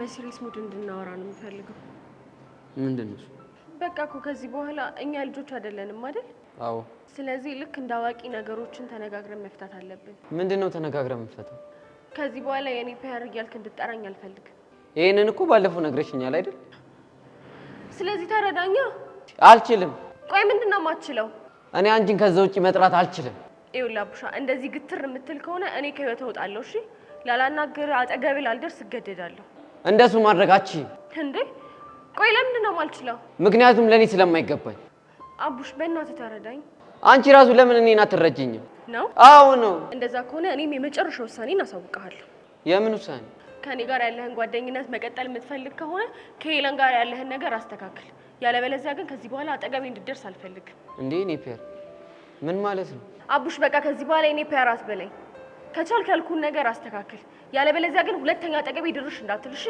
በሲሪየስ ሙድ እንድናወራ ነው የምፈልገው። ምንድን ነው? በቃ እኮ ከዚህ በኋላ እኛ ልጆች አይደለንም አይደል? አዎ። ስለዚህ ልክ እንደ አዋቂ ነገሮችን ተነጋግረን መፍታት አለብን። ምንድን ነው ተነጋግረን መፍታት? ከዚህ በኋላ የእኔ ፓር እያልክ እንድጠራኝ አልፈልግም። ይህንን እኮ ባለፈው ነግረሽኛል አይደል? ስለዚህ ተረዳኛ። አልችልም። ቆይ ምንድን ነው የማትችለው? እኔ አንቺን ከዛ ውጭ መጥራት አልችልም። ይኸውልህ አቡሻ፣ እንደዚህ ግትር የምትል ከሆነ እኔ ከህይወት እወጣለሁ። እሺ ላላናገር አጠገብህ ላልደርስ እገደዳለሁ። እንደሱ ማድረጋች እንዴ? ቆይ ለምንድን ነው የማልችለው? ምክንያቱም ለእኔ ስለማይገባኝ። አቡሽ በእናትህ ተረዳኝ። አንቺ ራሱ ለምን እኔን አትረጅኝም? ነው? አዎ ነው። እንደዛ ከሆነ እኔም የመጨረሻ ውሳኔን አሳውቅሃለሁ። የምን ውሳኔ? ከኔ ጋር ያለህን ጓደኝነት መቀጠል የምትፈልግ ከሆነ ከሄለን ጋር ያለህን ነገር አስተካክል። ያለበለዚያ ግን ከዚህ በኋላ አጠገቤ እንድደርስ አልፈልግም። እንዴ ኔፔር ምን ማለት ነው? አቡሽ በቃ ከዚህ በኋላ እኔ ፒያር አትበለኝ። ከቻልክ ነገር አስተካክል። ያለበለዚያ ግን ሁለተኛ አጠገቤ ድርሽ እንዳትልሽ።